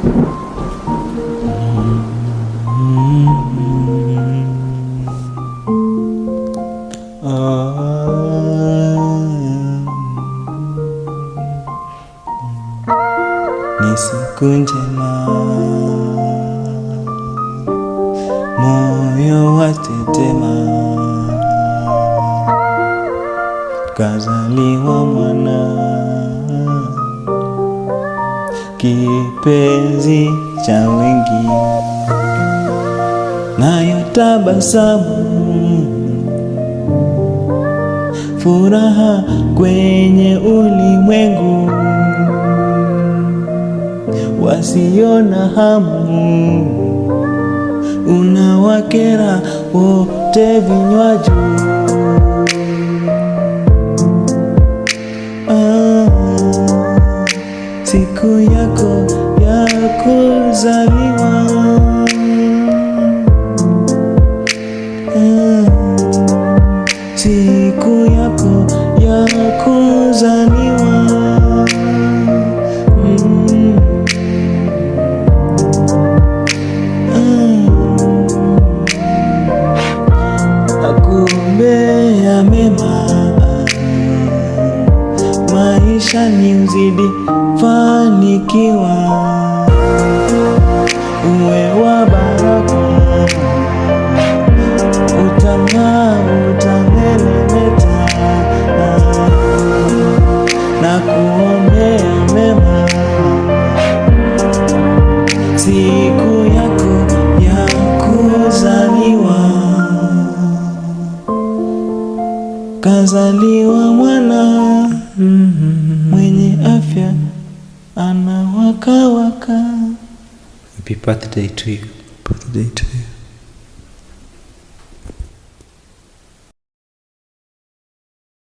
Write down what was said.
Ah. Ni siku njema, moyo watetema, kazaliwa mwana kipenzi cha wengi, nayo tabasamu furaha kwenye ulimwengu, wasiona hamu unawakera wote vinywaji siku yako ya kuzaliwa eh, siku yako maishani uzidi fanikiwa, uwe wa baraka, utang'aa, utameremeta na kuombea kazaliwa mwana mwenye afya anawakawaka. Happy birthday to you. Birthday to you.